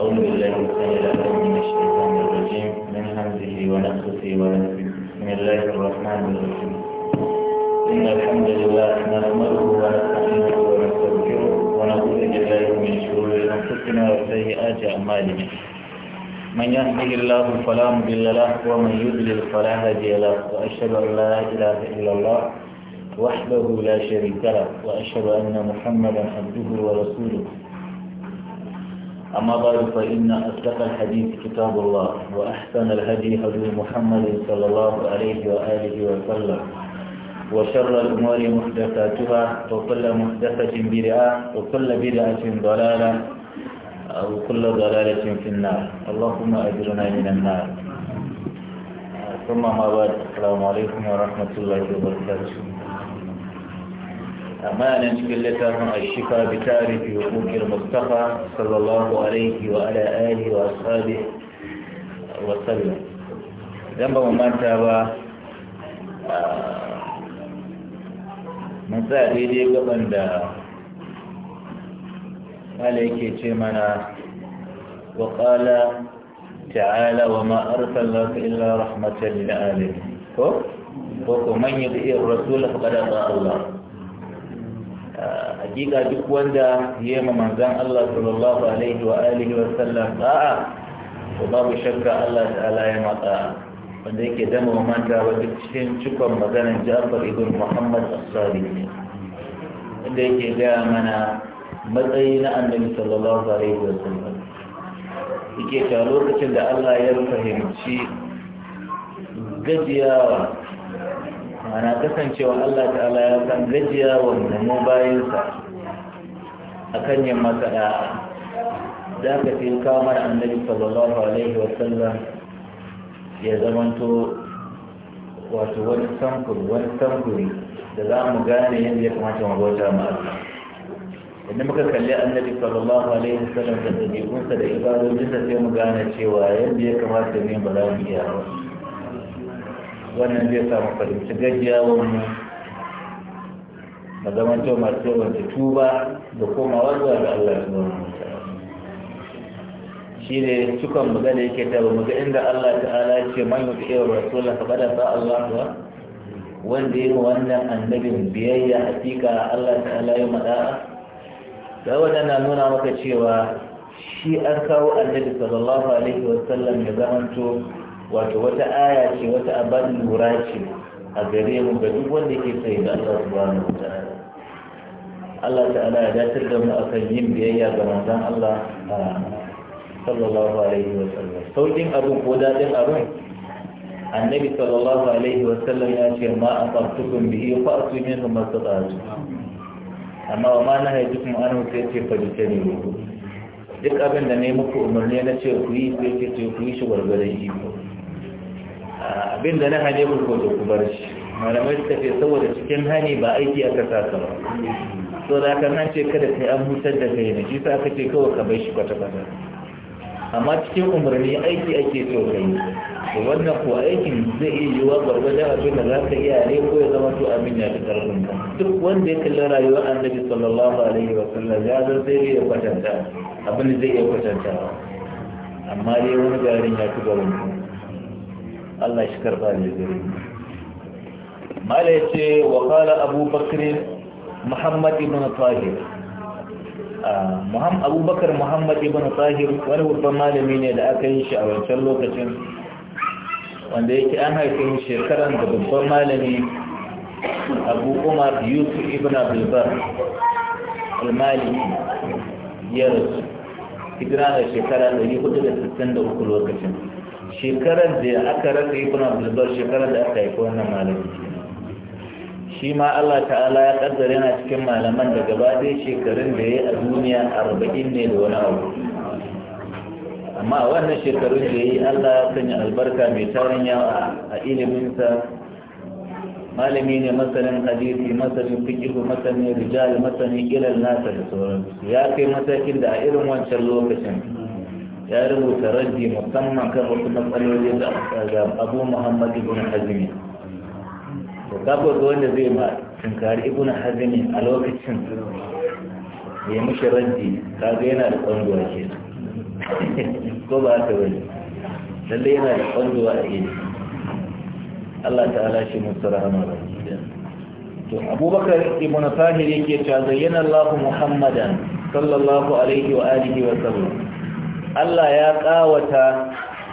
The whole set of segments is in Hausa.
أعوذ بالله من الشيطان الرجيم من همزه ونفسه ونفسه بسم الله الرحمن الرحيم إن الحمد لله نحمده ونستعينه ونستغفره ونعوذ بالله من شرور أنفسنا وسيئات أعمالنا من يهده الله فلا مضل له ومن يضلل فلا هادي له وأشهد أن لا إله إلا الله وحده لا شريك له وأشهد أن محمدا عبده ورسوله أما بعد فإن أصدق الحديث كتاب الله وأحسن الهدي هدي محمد صلى الله عليه وآله وسلم وشر الأمور محدثاتها وكل محدثة بدعة وكل بدعة ضلالة أو كل ضلالة في النار اللهم أجرنا من النار ثم ما بعد السلام عليكم ورحمة الله وبركاته amma nan cikin littafin a ashifa bi tarihi wa kukir mustafa sallallahu alaihi wa ala alihi wa ashabi wa sallam idan ba mu manta ba mun tsaya daidai gaban da ala yake ce mana wa qala ta'ala wa ma arsalnaka illa rahmatan lil alamin ko ko man yuti'ir rasul faqad ata'a Allah hakika duk wanda ya yi manzan Allah sallallahu alaihi wa alihi wa sallam da'a ko babu shakka Allah ta'ala ya matsa wanda yake dama mamanta wa duk cikin cikon maganar Ja'far ibn Muhammad as-Sadiq wanda yake gaya mana matsayi na annabi sallallahu alaihi wa sallam yake ta lokacin da Allah ya fahimci gajiyawa mana kasancewa Allah ta'ala ya san gajiya wanda mu bayansa kan yin masa za ka fi kamar annabi sallallahu alaihi wa sallam ya zamanto wato wani samfur wani samfuri da za mu gane yadda ya kamata mu bauta ma Allah idan muka kalli annabi sallallahu alaihi wa sallam da dabi'unsa da ibadojinsa sai mu gane cewa yadda ya kamata ne ba za mu iya ba wannan zai samu fahimci gajiyawar mu na zamanto masu yawanci tuba da koma wanzuwa ga Allah su wani shi ne buga magana yake ta ba muga inda Allah ta'ala ce man yi iya rasulun ka bada sa Allah ba wanda yi wa wannan annabin biyayya a hakika Allah ta'ala ya mada'a da wannan na nuna maka cewa shi an kawo annabi sallallahu alaihi wasallam ya zamanto wato wata aya ce wata abin lura ce a gare mu ga duk wanda ke sai da Allah subhanahu wataala Allah ta'ala ya dace da mu akan yin biyayya ga manzon Allah sallallahu alaihi wa sallam saukin abu ko dadin abu annabi sallallahu alaihi wa sallam ya ce ma aqtukum bihi fa asu minhu mastata'tu amma wa ma nahaytukum anhu sai ce fa ditani duk abin da ne muku umarni na ce ku yi sai ce ku yi shi gwargwadon iko abin da na hane mu ko ku bar shi malamai suka ce saboda cikin hani ba aiki aka sasa ba so da aka hance kada kai an hutar da kai ne shi sa aka ce kawai ka bai shi kwata kwata amma cikin umarni aiki ake so kai da wannan ko aikin zai iya yiwa gwargwadon abin da za ka iya ne ko ya zama to abin ya fi karfin ka duk wanda ya kalli rayuwar annabi sallallahu alaihi wa sallam ya zan zai iya kwatanta abin da zai iya kwatanta amma dai wani garin ya fi garin Allah shi karba ne gare mala yace wa qala Abu Bakr Muhammad ibn Tahir Muhammad Abu Bakr Muhammad ibn Tahir wani babban malami ne da aka yi shi a wancan lokacin wanda yake an haife shekaran da babban malami Abu Umar Yusuf ibn Abdul Bar al-Maliki ya rasu hijira da shekara 463 lokacin shekarar da aka rasa ibn abdulbar shekarar da aka haifi wannan malami shi ma Allah ta'ala ya kaddara yana cikin malaman da gaba dai shekarun da ya yi a duniya arba'in ne da wani abu amma a wannan shekarun da ya yi Allah ya sanya albarka mai tarin yawa a iliminsa malami ne masanin hadisi masanin fikihu masanin rijal masanin ilal nasa da sauransu ya kai matakin da a irin wancan lokacin ya rubuta raddi musamman kan wasu matsaloli da abu muhammad ibn hazmi to kafa ga wanda zai ma tunkari ibn hazmi a lokacin ya mishi raddi kaga yana da kwanduwa ke ko ba ta bane lallai yana da kwanduwa a yi Allah ta'ala shi musu rahama ba to abubakar ibn tahir yake cewa zayyana Allah muhammadan sallallahu alaihi wa alihi wa sallam Allah ya ƙawata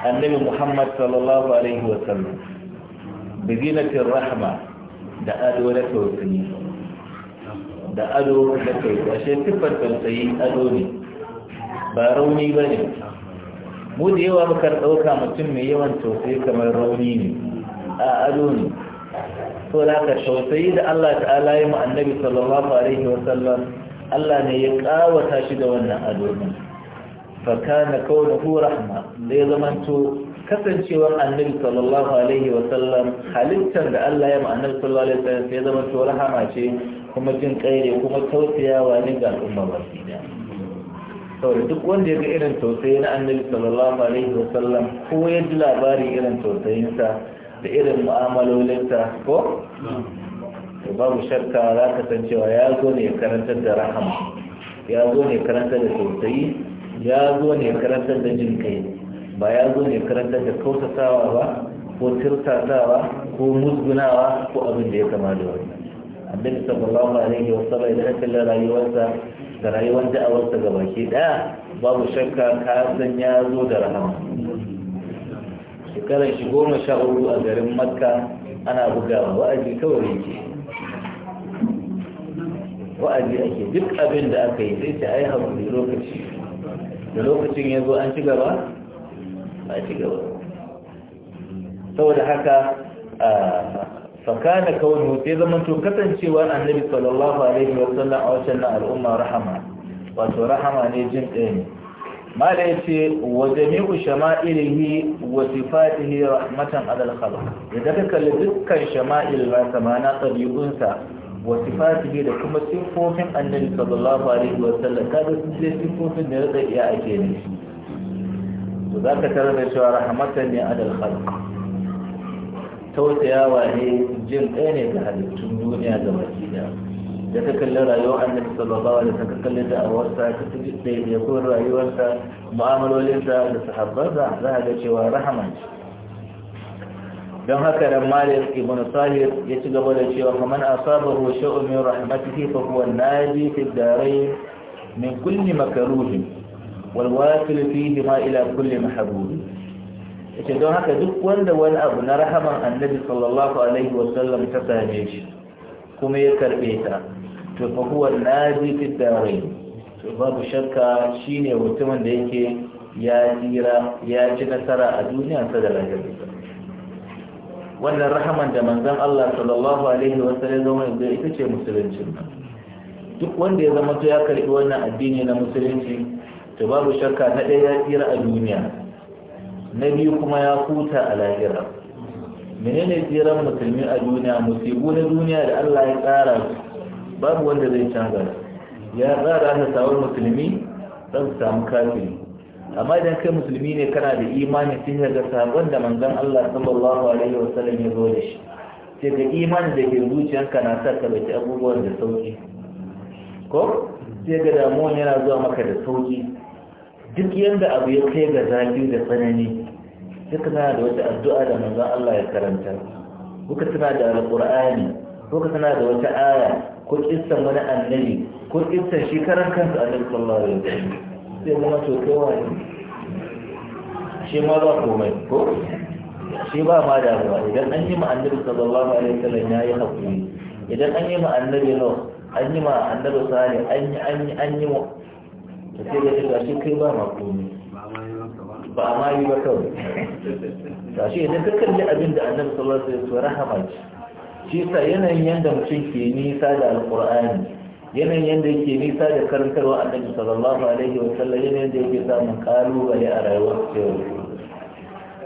annabi Muhammad sallallahu alaihi wasallam bizinatin rahma da ado da tausayi da ado da tausayi ashe siffar tausayi ado ne ba rauni ba ne mu da yawa muka ɗauka mutum mai yawan tausayi kamar rauni ne a ado ne so da ka tausayi da Allah ta'ala ya mu annabi sallallahu alaihi wasallam Allah ne ya ƙawata shi da wannan ado ne fakana kaunahu rahma da ya zamanto kasancewar annabi sallallahu alaihi wa halittar da Allah ya ma'anar sallallahu alaihi wa sallam sai zama to rahama ce kuma jin kaire kuma tausayawa ne ga al'umma baki da saboda duk wanda ya ga irin tausayi na annabi sallallahu alaihi wa ko ya ji labarin irin tausayinsa da irin mu'amalolinsa ko to babu shakka za ka san cewa ya zo ne karantar da rahama ya zo ne karantar da tausayi ya zo ne karantar da jin kai ba ya zo ne karantar da kautatawa ba ko tirtatawa ko musgunawa ko abin da ya kama da wani annabi ba alaihi wa sallam idan lura rayuwarsa da rayuwar da'awarsa ga baki daya babu shakka ka san ya zo da rahama shekarar shi goma sha uku a garin makka ana bugawa wa'azi kawai ke wa'azi ake duk abin da aka yi sai ta ai hakuri lokaci da lokacin ya zo an ci gaba ba ci gaba saboda haka fakana kawai ya zaman to kasancewar annabi sallallahu alaihi wa a wacan na al'umma rahama wato rahama ne jin ɗaya ne mala ya ce wa jami'u yi wasu sifatihi rahmatan alal khalq idan ka kalli dukkan shama'il ba samana ɗabi'unsa wa sifatihi da kuma siffofin annabi sallallahu alaihi wa sallam kaga sun ce siffofin da rada iya ake ne to zaka tarar da cewa rahmatan ne adal khalq tausayawa ne jin kai ne ga halittun duniya da baki da ka kalli rayuwar annabi sallallahu alaihi wasallam ka kalli da'awarsa ka tuji da yakon rayuwarsa mu'amalolinsa da sahabbansa za ka ga cewa rahama don haka da malam ibn sahir ya ci gaba da cewa kaman asabahu shay'un min rahmatihi fa huwa naji fi darain min kulli makruh wal wasil fihi ma ila kulli mahbub yace don haka duk wanda wani abu na rahaman annabi sallallahu alaihi wasallam ta same shi kuma ya karbe ta to fa huwa naji fi darain to babu shakka shine mutumin da yake ya jira ya ci nasara a duniyarsa da lahirarsa wannan rahaman da manzan Allah sallallahu alaihi wasallam zama da ita ce musulunci duk wanda ya zama ya karbi wannan addini na musulunci to babu shakka na ɗaya ya tsira a duniya na biyu kuma ya huta a lahira menene tsiran musulmi a duniya musibu na duniya da Allah ya tsara babu wanda zai canza ya tsara na sawar musulmi zan samu kafiri amma idan kai musulmi ne kana da imani tun daga sabon da manzon Allah sallallahu alaihi wasallam ya zo da shi sai ka imani da ke zuciyanka na sa ka baki abubuwan da sauki ko sai ga damuwan yana zuwa maka da sauki duk yanda abu ya kai ga zafi da tsanani sai kana da wata addu'a da manzon Allah ya karanta kuka tana da alqur'ani kuka tana da wata aya ko kissan wani annabi ko kissan shi karan kansa annabi sallallahu alaihi wasallam sai kuma to kowa ne shi ma ba komai ko shi ba ma damuwa idan an yi ma annabi sallallahu alaihi wasallam ya yi haƙuri idan an yi ma annabi no an yi ma annabi sani an yi an yi an yi to sai da shiga shi kai ba ma komai ba a ma yi ba kawai ta shi idan ka kalli abin da annabi sallallahu alaihi wasallam rahama ce shi sa yanayin yadda mutum ke nisa da alƙur'ani. yanayin yadda yake nisa da karantarwa a ɗan sallallahu alaihi wa sallam yanayin da yake samun kalubale a rayuwar cewa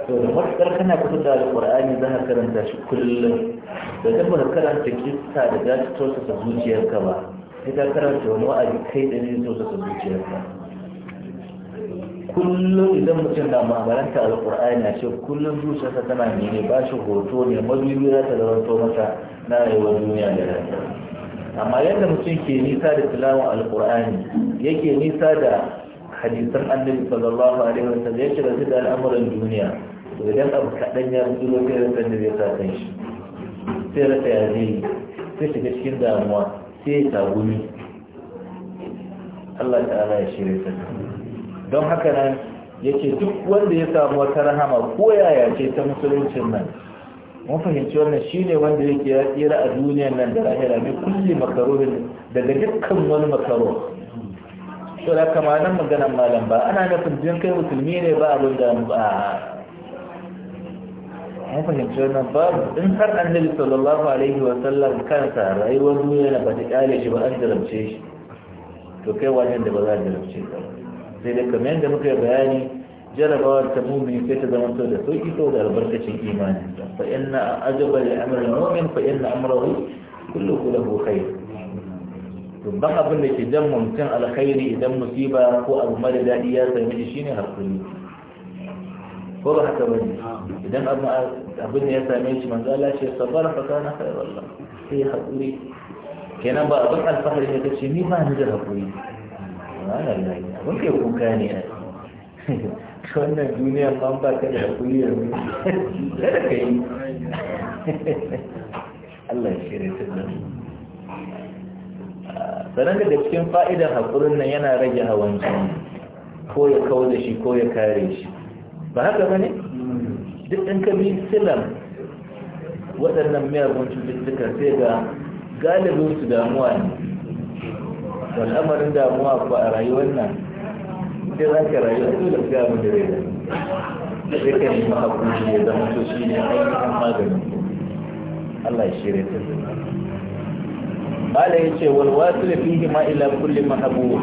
to da matsar kana kusa da Alƙur'ani za ka karanta shi kullum da dabba karanta kissa da za ta tosa zuciyarka ba sai ka karanta wani wa'azi kai da zai tosa zuciyarka kullum idan mutum na maamaranta alkur'ani a ce kullum zuciyarsa tana ne ba shi hoto ne mazubi za ta zama masa na rayuwar duniya da rayuwa amma yadda mutum ke nisa da tilawan alkur'ani yake nisa da hadisan annabi sallallahu alaihi wa sallam ya shiga da al'amuran duniya to idan abu kaɗan ya fi zuwa kai rasar da zai sa kan shi sai rasa ya zai sai shiga cikin damuwa sai ya tagumi Allah ta'ala ya shirya ta don haka nan yake duk wanda ya samu wata rahama ko yaya ce ta musuluncin nan mun fahimci wannan ne wanda yake ya tsira a duniyar nan da lahira mai kulle makarohin daga dukkan wani makaro so da kama nan maganan malam ba ana nufin jin kai musulmi ne ba abin da ba mun fahimci wannan babu in har an nabi sallallahu alaihi wa sallam kansa rayuwar duniya na ba ta kyale shi ba an jarabce shi to kai wajen da ba za a jarabce ka sai da kamar yadda muka yi bayani jarabawar ta mumini sai ta zama to da sauki to da albarkacin imani fa inna ajaba li amri mu'min fa inna amrahu kulluhu lahu khair to ban abin da ke jan mutum alkhairi idan musiba ko abu mara dadi ya same shi shine hakuri ko ba haka bane idan abu abin da ya same shi manzo Allah ce sabar fa kana khairul lahu sai hakuri kenan ba abin alfahari ne kace ni ba ni da hakuri subhanallah abin kai kuka ne ai wannan duniya ma ba ta da kuli da kada ka yi Allah shirya ta da sanar da cikin fa'idar haƙurin nan yana rage hawan jini ko ya kawo da shi ko ya kare shi ba haka ba ne duk ɗan kabi silam waɗannan miyagun cututtuka sai ga galibinsu damuwa ne wal'amarin damuwa ba a rayuwar nan sai za ka rayu a dole ga mu da rai da sai ka nemi hakuri ya zama to shi ne ainihin maganin Allah ya shirya ta Bala ya ce su da fihi ma ila kulli mahabu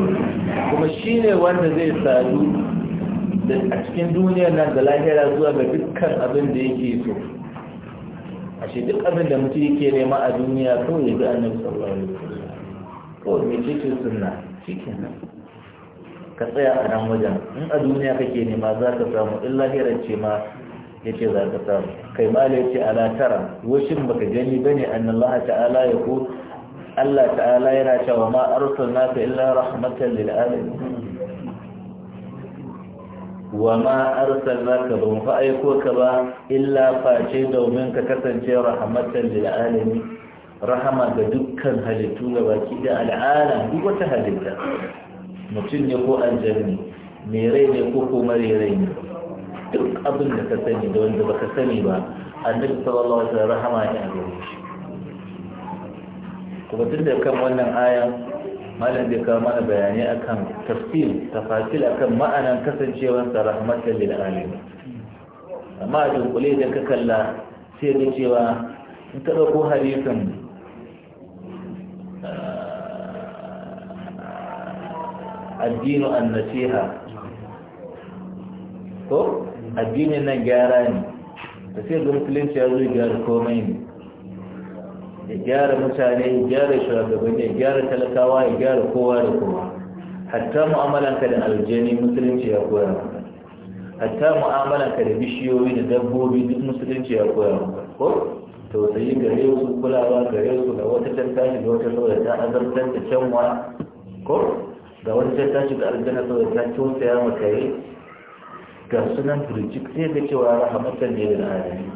kuma shi ne wanda zai sadu a cikin duniyar nan da lahira zuwa ga dukkan abin da yake so ashe duk abin da mutum yake nema a duniya kawai ya ga annabi sallallahu alaihi wasallam kawai mai cikin sunna shikenan ka tsaya a nan wajen in a duniya kake nema za ka samu in lahirar ce ma ya ce za ka samu kai ma ya ce ala tara washin baka gani bane annallaha ta'ala ya ku Allah ta'ala yana cewa ma arsalnaka illa rahmatan lil wa ma arsalnaka ba mu aiko ka ba illa face domin ka kasance rahmatan lil alamin rahama ga dukkan halittu gabaki da al'ala duk wata halitta mutum ne ko aljanni mai rai ne ko kuma rai ne duk abin da ka sani da wanda baka sani ba annabi sallallahu alaihi wasallam rahama ne a gare shi kuma tun da kan wannan ayan malam zai kawo mana bayanai akan tafsir tafasil akan ma'anan kasancewar sa rahmatan lil alamin amma a dunkule da ka kalla sai ga cewa in ka ɗauko hadisin addini an ko addinin nan gyara ne da sai ga musulunci ya zo gyara komai ne ya gyara mutane ya gyara shugabanni ya gyara talakawa ya gyara kowa da kowa hatta mu'amalanka da aljani musulunci ya koya maka hatta mu'amalanka da bishiyoyi da dabbobi duk musulunci ya koya maka ko to sai gare su kulawa gare su da wata tantashi da wata saboda ta azartar da canwa ko ga wani zai tashi da aljanna saboda ta tausaya ma kare ga sunan turjik sai ga cewa rahamatan ne da alami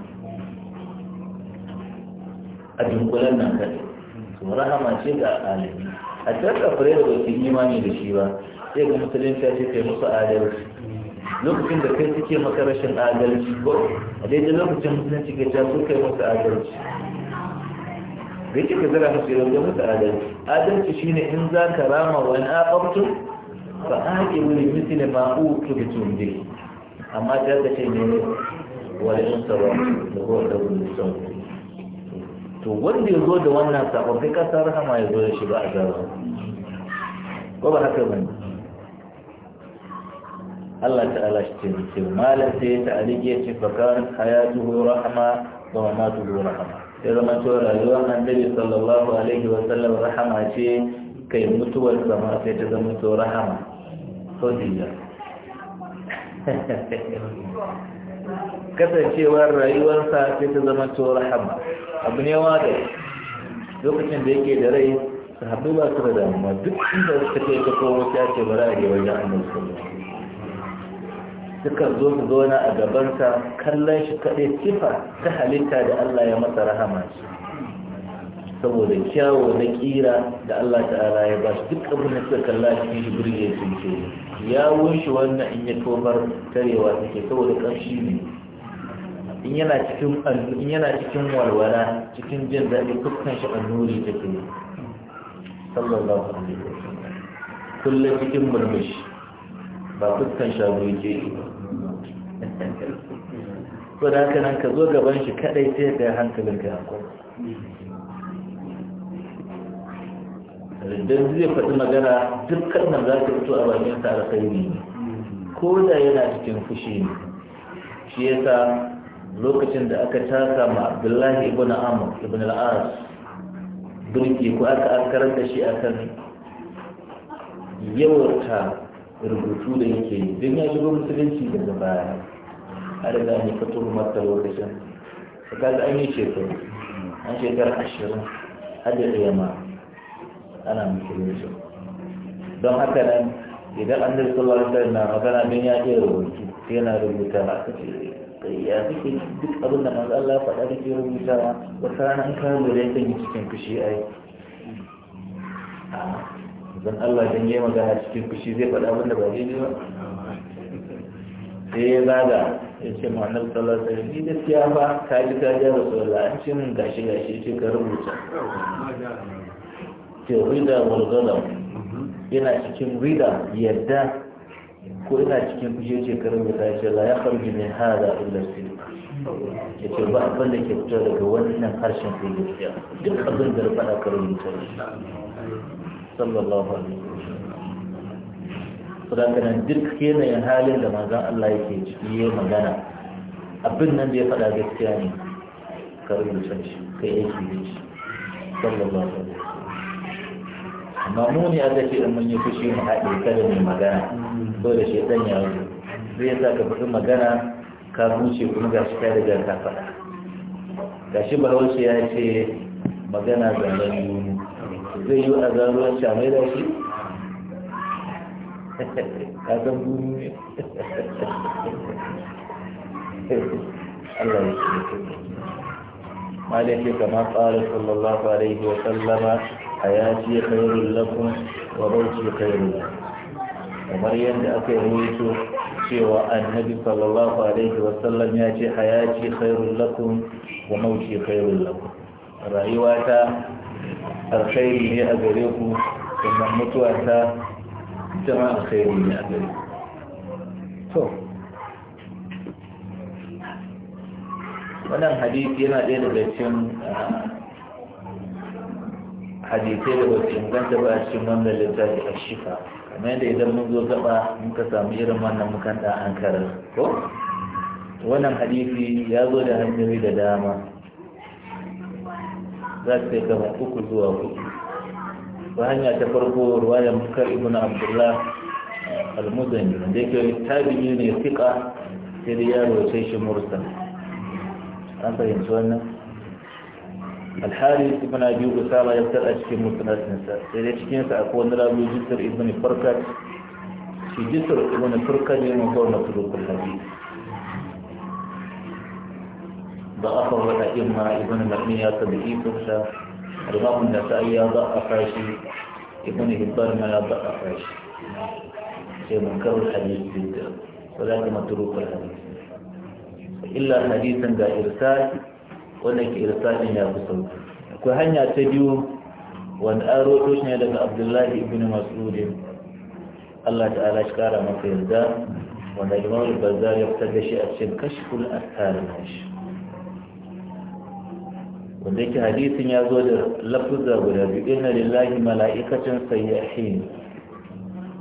a dunkulan nan kai su rahama ce ga alami a cikin kafirai da wasu imani da shi ba sai ga musulunci ya ce kai musu adalci lokacin da kai suke maka rashin adalci ko a daidai lokacin musulunci ga ta su kai musu adalci da yake ka zira musu yanzu musu adalci adalci shine in za ka rama wani aƙabtun ba a haƙe wuri misi da ma'u tubitun dai amma ta ka ce ne wani in sarwa da kowa da wani son to wanda ya zo da wannan sabon kai ka sa rahama ya zo da shi ba a zara ko ba haka ba ne Allah ta'ala shi ce malam sai ta aliki ya ce hayatu hayatuhu rahama wa mamatuhu rahama ya zama cewa rayuwar annabi sallallahu alaihi wa sallam rahama ce kai mutuwar sama sai ta zama to rahama so kasancewar rayuwarsa sai ta zama to rahama abu ne wa da lokacin da yake da rai sahabbai ba su da damuwa duk inda suka ta kowa ta ce bara a wajen annabi sallallahu Suka zo su zauna a gabansa kallon shi kaɗai sifa ta halitta da Allah ya masa rahama shi saboda kyawo na kira da Allah ta'ala ya ba shi duk abin da suka kalla shi shi birge su ke ya wunshi wannan in ya tobar tarewa take saboda ƙarshi ne in yana cikin in yana cikin walwala cikin jin daɗi dukkan shi annuri take sallallahu alaihi wasallam kullum cikin murmushi ba dukkan shagoyi ke ba ko da haka nan ka zo gaban shi kadai sai da hankalin ka hankali rindan zai faɗi magana dukkan nan za ka fito a bakin sa kai ne ko da yana cikin fushi ne shi yasa lokacin da aka taka ma abdullahi ibn amr ibn al-as birki ko aka ankarar da shi akan yawarta rubutu da yake don ya shigo musulunci daga baya a riga ne ka turmar da lokacin da kaga an yi shekaru an shekaru ashirin har da ɗaya ma ana musulunci don haka nan idan an da su lalata na magana don ya ke rubutu sai yana rubuta a kace ya kake duk abin da manzo Allah faɗa da rubuta wa wata rana an kawo da yankan yi cikin fushi ai zan Allah dan yi magana cikin fushi zai faɗa abin da ba daidai ba sai ya zaga ya ce ma annabi sallallahu alaihi wasallam ni ka ji ka ji da an ce min gashi gashi ce ka rubuta ce rida wal yana cikin rida yadda ko ina cikin fushi ce ka rubuta ya ce la ya kharju ne ha da sidq ya ce ba abin da ke fito daga wannan harshen sai gaskiya duk abin da ya faɗa ka rubuta sallallahu alaihi saboda nan duk yanayin halin da manzon Allah yake ciki ya magana abin nan da ya faɗa gaskiya ne ka rubuta shi ka yi aiki da shi sallallahu alaihi amma mu ne aka ce in mun yi fushi mu haɗe kada mai magana da shi dan ya wuce zai yasa ka faɗi magana ka huce kuma ga shi kai daga ka faɗa ga shi bahaushe ya ce magana zan yuni zai yi a zaruwan shamai da shi ka san guru ne Allah ya ce malaki kama qala sallallahu alaihi wa sallama a ya hayati khairul lakum wa mauti kairin lakum kamar yadda aka rawaito cewa annabi sallallahu alaihi wa sallam ya ce hayati khairul lakum wa mauti khairul lakum rayuwata alkhairi ne a gare ku sannan ta. a gari wannan hadisi yana ɗaya daga cikin ah, hadisai da wasu inganta ba a cikin wannan littafi a shifa kamar yadda idan mun zo gaba muka samu irin wannan mukan ɗan an karar ko wannan hadisi ya zo da hanyoyi da dama za su kai gaba uku zuwa hudu bahanya ta farko ruwayar bukar ibn abdullah eh, al-muzan da ke tabi ne ne fika sai da yaro sai shi mursal an fahimci wannan alhali sama ya tsar a cikin mutunatinsa sai dai cikin akwai wani rabu jisar ibn farkat ne mun kawo na tudu kullabi ba a fara da imma ibn marmiya ta da ikonsa الإمام النسائي ضعف شيء ابن حبان ما ضعف شيء شيء منكر الحديث جدا ولكن متروك الحديث إلا حديثا ذا إرسال ولك إرسال يا بصوت وهنيا تديو وأن أروح لك عبد الله بن مسعود الله تعالى شكرا ما في الزام وأن الإمام البزار يبتدى شيء كشف الأسهال ماشي wanda yake hadisin ya zo da lafuzar guda biyu inna lillahi mala'ikacin sayyihin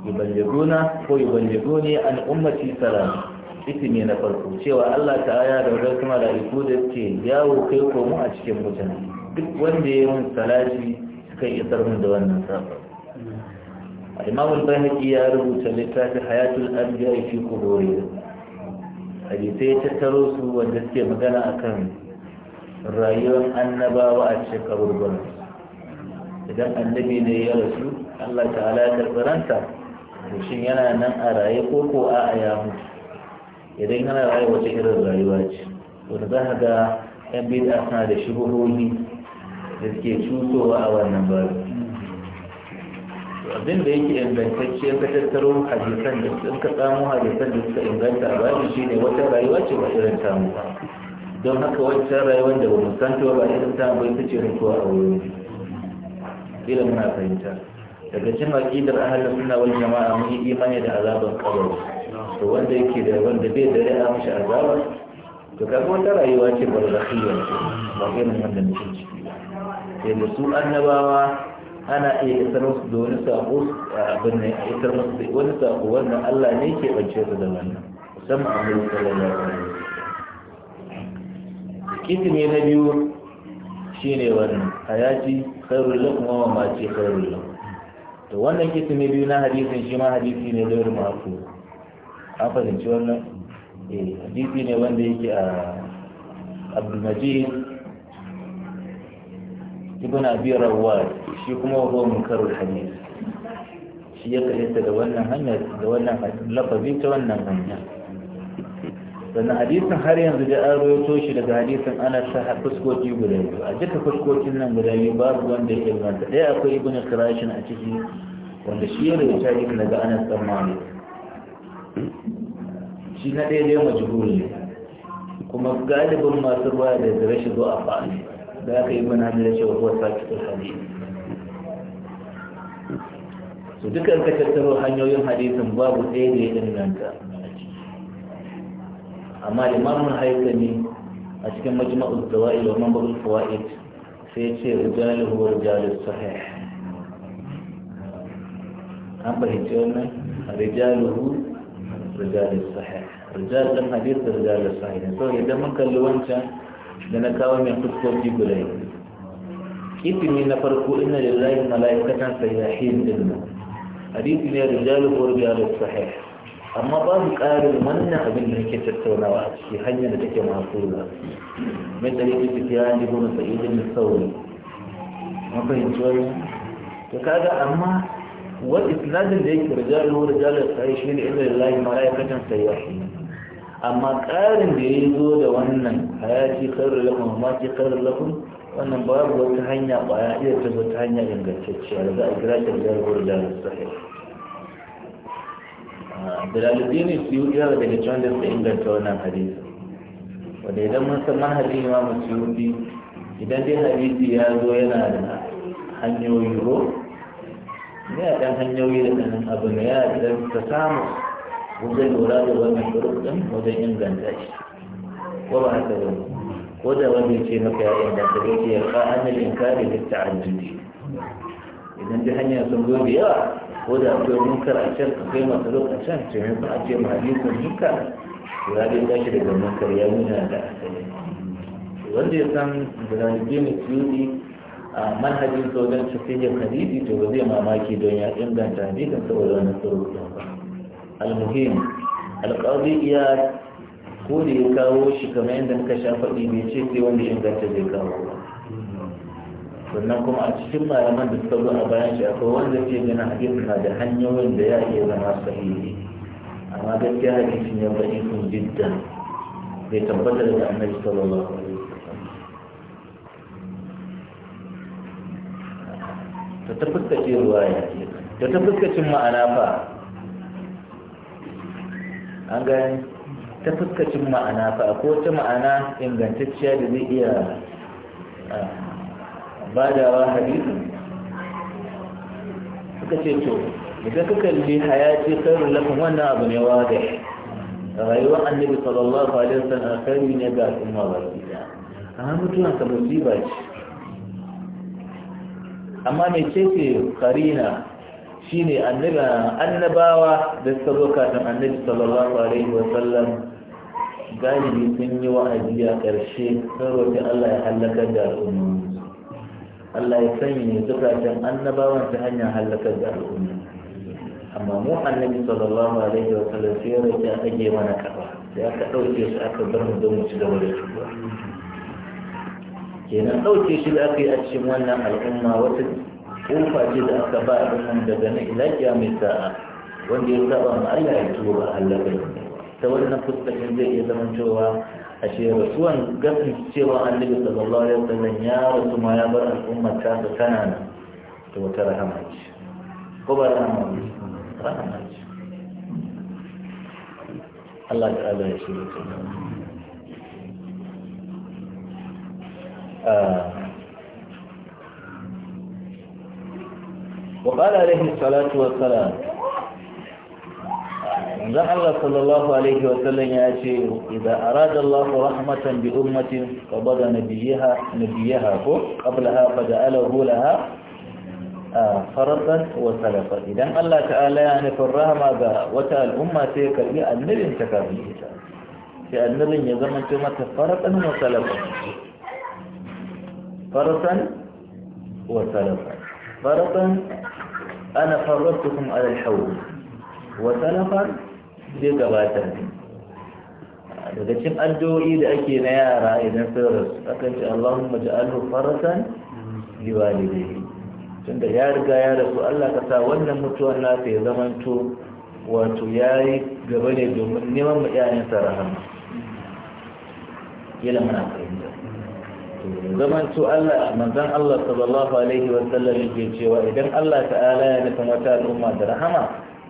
yuballiguna ko yuballiguni an ummati salam ita ne na farko cewa Allah ta'ala da wajen kuma da ke yawo kai komo a cikin mutane duk wanda ya yi salati suka isar mun da wannan safar. al bayhaqi ya rubuta littafi hayatul anbiya fi quburi hadisi ya tattaro su wanda suke magana akan rayuwar annabawa a cikin kaburbar idan annabi ne ya rasu Allah ta'ala ya karbaranta to shin yana nan a raye ko ko a ya mutu idan yana raye wace irin rayuwa ce wanda za ka ga yan da suna da shubuhohi da suke cutowa a wannan babu abin da yake ingantacce ka tattaro hadisan da suka samu hadisan da suka inganta a babu shine wata rayuwa ce ba irin mu ba don haka wancan rayuwar da ba mu san ba irin ta bai ta ce rikuwa a wurin kila muna fahimta daga cikin a halin suna wani jama'a mun yi imani da azabar kabari to wanda yake da wanda bai da ra'a mashi azabar? to kaga wata rayuwa ce barzakhiyya ba irin wanda mutum ciki ba da su annabawa ana iya isa musu da wani saƙo abin ne a isar musu da wani saƙo wannan Allah ne ke ɓance su da wannan musamman a mulkin sallallahu alaihi kitime na biyu shine wannan hayati khairul lakum wa mace khairul lakum to wannan kitime biyu na hadisin shi ma hadisi ne da wurin mafu an fahimci wannan eh hadisi ne wanda yake a Abdul Majid ibn Abi Rawad shi kuma huwa munkarul hadith shi ya kalita da wannan hanya da wannan lafazin ta wannan hanya sannan hadisin har yanzu da an rawaito shi daga hadisin ana sa fuskoki guda biyu a duka fuskokin nan guda biyu babu wanda ya ilmanta ɗaya akwai ibn kirashin a ciki wanda shi ya rawaita ibn daga ana tsammani shi na ɗaya dai majhul ne kuma galibin masu ruwa da zira shi zo a fa'a da aka yi mana da cewa kuwa sakitul hadisi su dukkan ka tattaro hanyoyin hadisin babu ɗaya da ya inganta amma imamun haikami a cikin majma'ul dawa'il wa mambarul fawaid sai ce rijaluhu wa rijalus sahih an fahimci wannan rijaluhu rijalus sahih rijal dan hadith da rijalus sahih so idan mun kalli wancan da na kawo mai fuskoki guda kitimi na farko inna lillahi malaikatan sayyahin din hadisi ne rijaluhu wa rijalus sahih amma babu ƙarin wannan abin da nake tattaunawa a ciki hanyar da take masu ruwa, mai tsari da fiti ya yi gona sai ilimin sauri mafahimci wani to kaga amma wani isnadin da yake rijalu rijalu sai shi ne inda ya kacan sayyahi amma ƙarin da ya zo da wannan hayaki khairu lakum ma ki khairu lakum wannan babu wata hanya ba ya iya ta hanya ingantacciya da za a kira ta rijalu rijalu sahih Abdulaluddin Suyuti yana daga cikin da suka inganta wannan hadisi wanda idan mun san ma Imam Suyuti idan dai hadisi ya zo yana da hanyoyi ro. ne a ɗan hanyoyi da ɗan abu ne ya da ta samu wajen lura da wannan turuk ɗin wajen inganta shi ko ba haka ba ko da wani ce maka ya inganta ko ce ya ka hanyar inkari da ta'ajjudi idan dai hanyar sun zo da yawa ko da akwai munkar a can kai masu lokacin ce mai ba a ce ma hadisin munkar to ya dai tashi daga munkar ya nuna da asali wanda ya san Burhanudin Suyuti a manhajin sojan cikin hadisi to ba zai mamaki don ya inganta hadisin saboda wani surutun ba al-muhim alƙawari iya ko da ya kawo shi kamar yadda muka sha faɗi bai ce sai wanda ya inganta zai kawo ba sannan kuma a cikin malaman da suka zo a bayan shi akwai wanda ke gina hadisi na da hanyoyin da ya iya zama sahihi amma gaskiya hadisin ya bari sun jidda bai tabbatar da annabi sallallahu alaihi wasallam ta ta fuskace ruwaya ta ta fuskacin ma'ana fa an gani ta fuskacin ma'ana fa ko wata ma'ana ingantacciya da zai iya ah, badawa hadisi suka ce to idan ka kalli hayati khairul lakum wannan abu ne wadai rayuwar annabi sallallahu alaihi wasallam alkhairi ne ga al'umma ba su da amma mutuwa ta musiba ce amma mai ce ce karina shine annabawa da suka zo kafin annabi sallallahu alaihi wasallam galibi sun yi wa'azi a ƙarshe sarwata Allah ya halakar da al'umma Allah ya sanya zukatan annabawan ta hanyar halakar da al'umma amma mu annabi sallallahu alaihi wa sallam sai roƙi a ake mana kafa sai aka dauke shi aka bar mu don mu ci gaba da tuba kenan ɗauke shi da aka yi a cikin wannan al'umma wata kofa ce da aka ba a daga na ila mai sa'a wanda ya saba ma Allah ya tuba halakar ta wannan fuskacin zai iya zama cewa ashe rasuwan gaskata cewa annabi sallallahu alaihi wasallam ya rasu ma ya bar al'ummar ta ta tana nan to wata rahama ce ko ba rahama ce rahama ce Allah ta ala ya shirya ta وقال عليه الصلاة والسلام manzon Allah sallallahu alaihi wa sallam ya ce idan arada Allah rahmatan bi ummatin fa bada nabiyaha nabiyaha ko qablaha fa ja'alahu laha faradan wa salafa idan Allah ta'ala ya nufin rahama ga wata al'umma sai karbi annabin ta kafin ita sai annabin ya zama ce mata faradan wa salafa faradan wa salafa faradan ana farradtukum ala al-hawl wa salafa sai gabata daga cin addu'o'i da ake na yara idan sun su akan ce Allahumma ja'alhu farasan tun tunda ya riga ya rasu Allah ka sa wannan mutuwar nasa ya zamanto wato yi gaba ne domin neman mu sarahan yana rahama kila muna fahimta zaman Allah manzan Allah sallallahu alaihi wa yake cewa idan Allah ta'ala ya nufa wata al'umma da rahama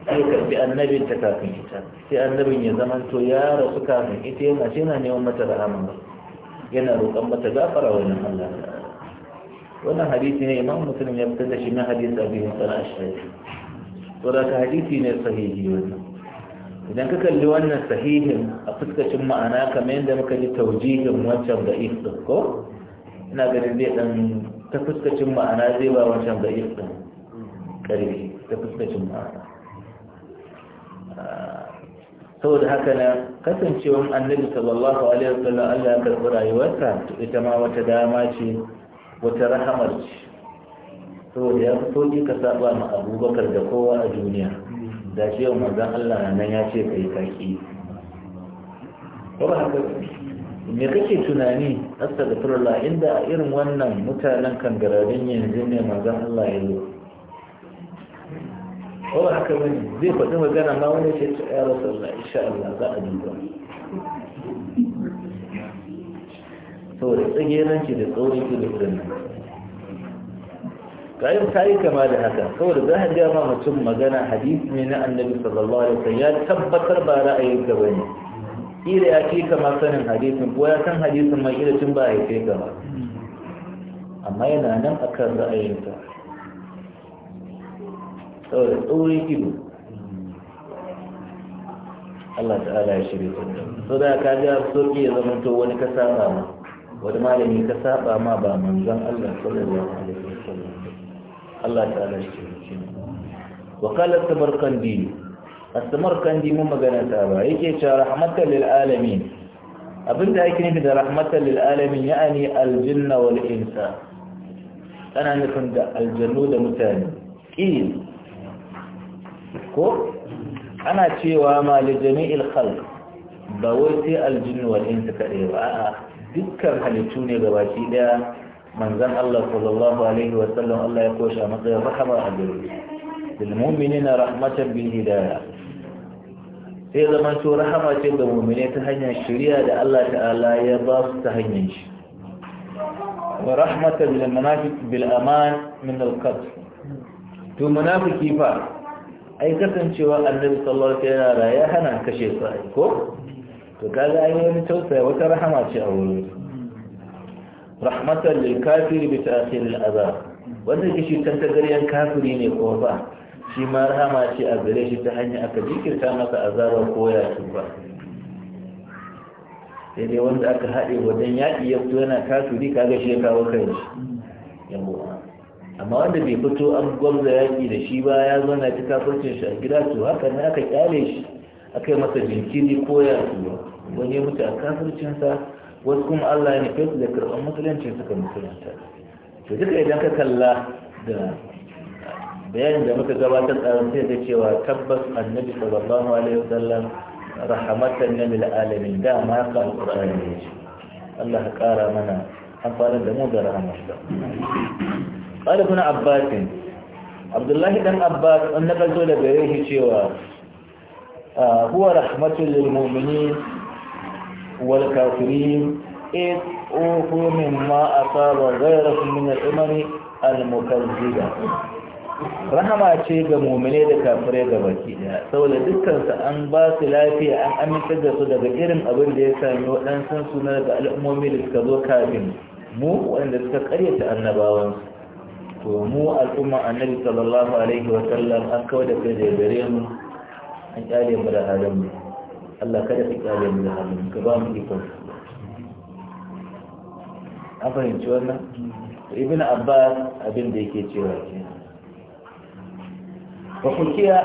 sai karbi annabin ta kafin ita sai annabin ya zama to ya rasu kafin ita yana ce yana neman mata rahama ba yana roƙon mata gafara wannan Allah wannan hadisi ne imam muslim ya fitar da shi na hadisi abi musala ashari to da ka hadisi ne sahihi wannan idan ka kalli wannan sahihin a fuskacin ma'ana kamar yadda muka ji taujihin wancan da iftin ko ina ganin zai dan ta fuskacin ma'ana zai ba wancan da iftin ƙarfi ta fuskacin ma'ana saboda haka na kasancewar annabi sallallahu alaihi wasallam Allah ya karɓi rayuwarsa to ita ma wata dama ce wata rahamar ce saboda ya fito ki ka saba ma abubakar da kowa a duniya da shi yau manzon Allah nan ya ce kai kaki ko ba haka me kake tunani astaghfirullah inda irin wannan mutanen kangararin yanzu ne manzon Allah ya zo ko haka bane zai faɗi magana ma wani ce ta ya rasu Allah insha Allah za a duba saboda tsageranci da tsaurin ki da kudannan kayan ta yi kama da haka saboda za a ma mutum magana hadisi ne na annabi sallallahu alaihi wasallam ya tabbatar ba ra'ayin ka bane kila ya ce kama sanin hadisin ko ya san hadisin mai kila tun ba ya kai gaba amma yana nan akan ra'ayinsa saboda tsorin ido Allah ta'ala ya shirya ta so da ka ga soki ya zama to wani ka saba ma wani malami ka saba ma ba manzan Allah sallallahu alaihi wasallam Allah ta'ala ya shirya ta wa qala tabarkandi as-samarkandi mun magana ta ba yake cewa rahmatan lil alamin abinda yake nufi da rahmatan lil alamin ya'ani al-jinna wal insa ana nufin da aljannu da mutane qil ko ana cewa ma li jami'il khalq ba wai sai aljinnu wal insu kaɗai ba a'a dukkan halittu ne gabaki daya manzon Allah sallallahu alaihi wa sallam Allah ya kosha matsayin rahama a gare bil mu'minina rahmatan bil hidayah sai zama to rahama ce ga mu'mine ta hanyar shari'a da Allah ta'ala ya ba su ta hanyar shi wa rahmatan lil munafiq bil aman min al qatl to munafiki fa ai kasancewa annabi sallallahu alaihi wasallam yana ya hana kashe su ai ko to kaga ai wani tausaya wata rahama ce a wurin rahmatan lil kafiri bi ta'khir al azab wanda yake shi gariyan kafiri ne ko ba shi ma rahama ce a gare shi ta hanya aka jikirta masa azaba ko ya tuba sai dai wanda aka haɗe wajen yaƙi ya fito yana kafiri kaga shi ya kawo kai shi amma wanda bai fito an gwamza yaƙi da shi ba ya zana ta kafircin shi a gida to haka ne aka kyale shi aka yi masa jinkiri ko ya tuwa wani ya mutu a sa wasu kuma allah ya nufe da karɓar musulunci suka musulunta to duka idan ka kalla da bayanin da muka gabatar tsarin sai da cewa tabbas annabi sallallahu alaihi wasallam rahamatan na mil alamin da ma ka alqur'ani Allah ya kara mana amfani da mu da rahamarsa ƙada kuna abbasin abdullahi ɗan abbas an na ƙarzo daga yake cewa huwa rahmatul lil mu'minin wal kafirin إذ أوفوا مما أصاب غيركم من الأمم المكذبة rahama ce ga mumine da kafirai ga baki daya saboda dukkansu an ba su lafiya an amintar da su daga irin abin da ya sami waɗansu suna daga al'ummomi da suka zo kafin mu waɗanda suka karyata annabawansu to mu al'umma annabi sallallahu alaihi wa sallam an kawai da kai da gare mu an kyale mu da halin mu Allah kada ka kyale mu da halin mu ka ba mu ikon an fahimci wannan ibn abbas abin da yake cewa an kenan kai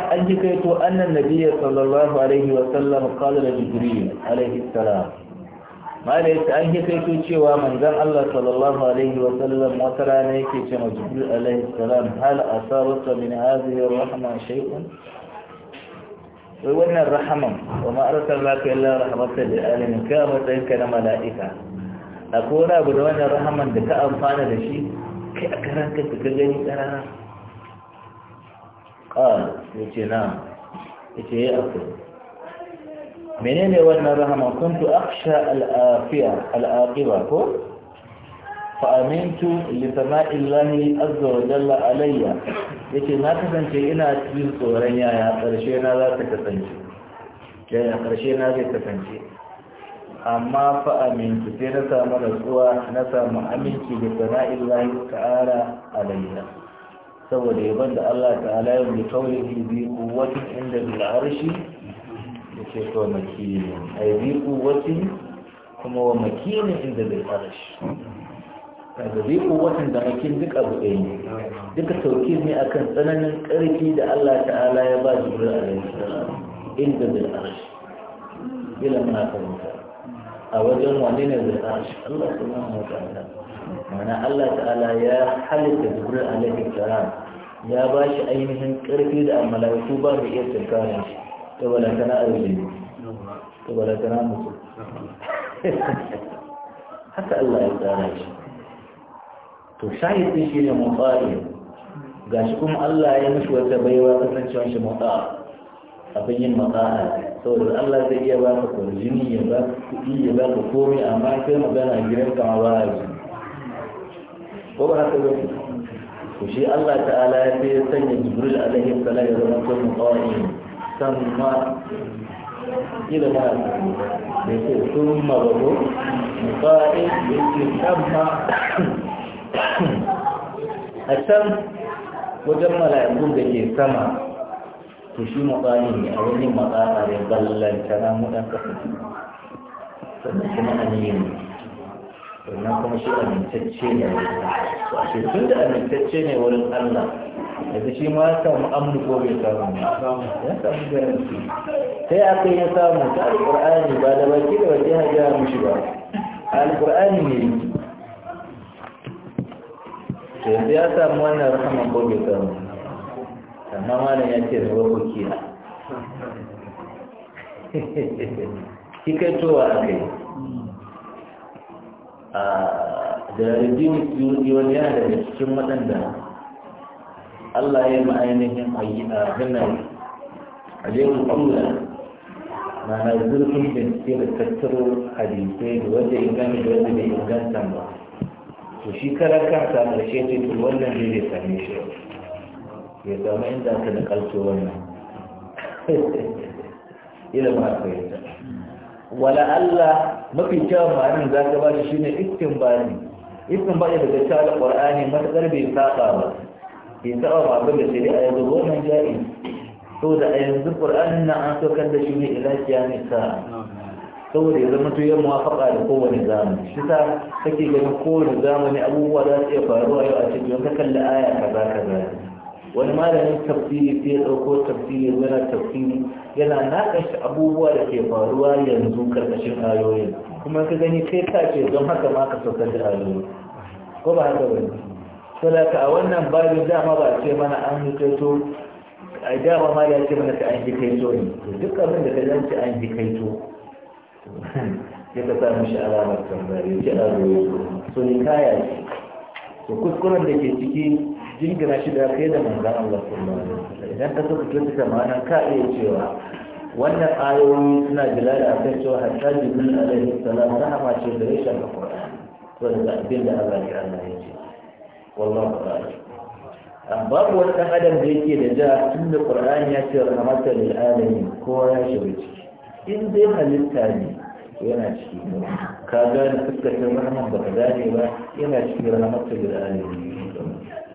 أن ذكرت أن النبي صلى wa عليه وسلم قال Jibril عليه السلام mala yace an yi kai cewa manzon Allah sallallahu alaihi wa sallam wata rana yake ce ma Jibril alaihi salam hal asabaka min hadhihi rahma shay'un wai wannan rahaman wa ma ka illa rahmatan lil alamin ka matsayin ka na mala'ika akwai wani abu da wannan rahaman da ka amfana da shi kai a karan ka ka gani karara qal yace na yace ya eh, akwai menene wannan rahama kuntu akhsha al-afiya al-aqiba ko fa amintu li sama'illahi azza wa jalla alayya yace na kasance ina cikin tsoron yaya karshe na za ta kasance yaya karshe na zai kasance amma fa amintu sai na samu rasuwa na samu aminci da sama'illahi ta'ala alayya saboda yaban da Allah ta'ala ya bi kaulihi bi quwwatin inda bil arshi yake to makini ai bi kuwatin kuma wa makini inda bai arashi kaga bi kuwatin da makin duk abu ɗaya ne duka sauki ne akan tsananin ƙarfi da Allah ta'ala ya ba jibril alaihi salam inda bai arashi bila muna fahimta a wajen wani ne zai arashi Allah subhanahu wa ta'ala mana Allah ta'ala ya halitta jibril alaihi salam ya ba shi ainihin ƙarfi da amalaku ba mai iya tsakanin shi تبلا كنا أرجي تبلا كنا مسلم حتى الله يدار إيش تشاهد إيش اللي مطاري قاشكم الله يمشي وتبيه وتنشى وش مطاع أبين مطاع سوى الله تجيه بقى كورجيني يبقى كي يبقى كومي أماكن ما بين عجيب كم واجب وبعد ذلك وشي الله تعالى في سنة جبريل عليه الصلاة والسلام قائم san ma kila ba da ke sun mababo ba'i da ke san ma a can wajen mala'ikun da ke sama to shi matsali ne a wani matsala da na mu ɗan kasa sannan kuma an yi ne sannan kuma shi amintacce ne to a ce tun da amintacce ne wurin Allah yanzu shi ma ya samu amnu ko bai samu ne ya samu garanti sai aka yi samu ta alƙur'ani ba da baki da baki ya gaya mishi ba alƙur'ani ne to yanzu ya samu wannan rahama ko bai samu sannan malam ya ce zuwa kuki na kai towa a kai da rijin suyuɗi wani yana da cikin waɗanda Allah ya yi ma'ainihin hannar a jerin na mana zurfin bincike da tattaro hadisai da wanda inganta da wanda bai inganta ba to shi kara kanta kansa ƙarshe ce to wannan ne bai same shi ya zama inda aka da kalto wannan ilimin akwai ta wala Allah mafi kyawun ma'anin za ka ba shi shine istinbani istinbani daga tsara qur'ani matakar bai saba ba bai saba ba abin da shari'a a yanzu wannan ja'i to da a yanzu qur'anin nan an so kan da shi ne ila mai sa'a saboda ya zama tuyar muwafaka da kowane zamani shi ta kake ganin kowane zamani abubuwa za su iya faruwa yau a cikin ka kalli aya kaza kaza wani malamin tafsiri sai ya ɗauko tafsiri yana tafsiri yana naƙashi abubuwa da ke faruwa yanzu karkashin ayoyin kuma ka gani kai ka ce don haka ma ka saukar da ayoyi ko ba haka ba sadaka a wannan babin dama ba ce mana an hikaito a dama ma ya ce mana ta an hikaito ne duk abin da ka zance an hikaito ya ka sa mishi alamar tambari ya ce ayoyi so ni kaya ce to kuskuren da ke ciki jingina shi da kai da manzan Allah sallallahu alaihi wasallam idan ka saka tuntu kamar ka iya cewa wannan ayoyi suna jilala akan cewa hatta jibril alaihi salam rahama ce da rashin shafa Qur'ani to da abin da Allah ya Allah ya ce wallahi ta'ala babu wani dan adam da yake da ja tun da Qur'ani ya ce rahmatan lil alamin kowa ya shiga ciki in dai halitta ne yana ciki ka gane fuskar rahman ba ka gane ba yana cikin rahmatan lil alamin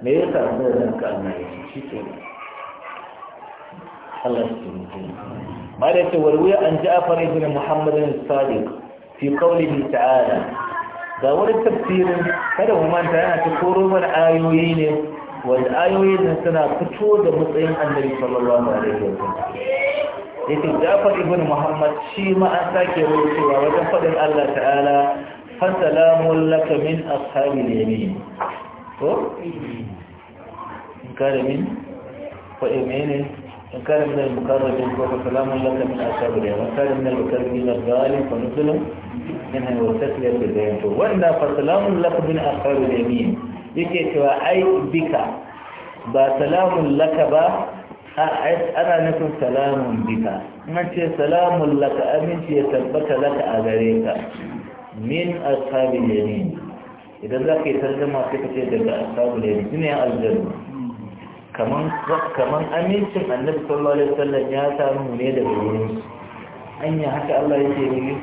me ya sa da ranka Allah ya shi ke Allah shi ke ba da ce warwiya an ja'far ibn muhammad sadiq fi qawlihi ta'ala ga wani tafsirin kada mu manta yana ta koro mana ayoyi ne wanda ayoyin nan suna fito da matsayin annabi sallallahu alaihi wasallam yake ja'far ibn muhammad shi ma an sake rubucewa wajen faɗin Allah ta'ala fa salamun laka min ashabil yamin ko in kare min faɗi mene in kare min al-mukarrabin ko ka salamun laka min asabu da yawa da min al-mukarrabin na galin fa nuzulun min hanyar tafiya da bayan to wanda fa salamun laka min asabu da yamin yake cewa ai bika ba salamun laka ba ana nufin salamun bika mace salamun laka aminci ya tabbata laka a gare ka min ashabi yamin idan za ka yi tarjama sai ka ce daga asabu da yanzu ne aljanna kaman amincin annabi sallallahu alaihi wasallam ya samu ne daga wurin anya haka Allah yake ne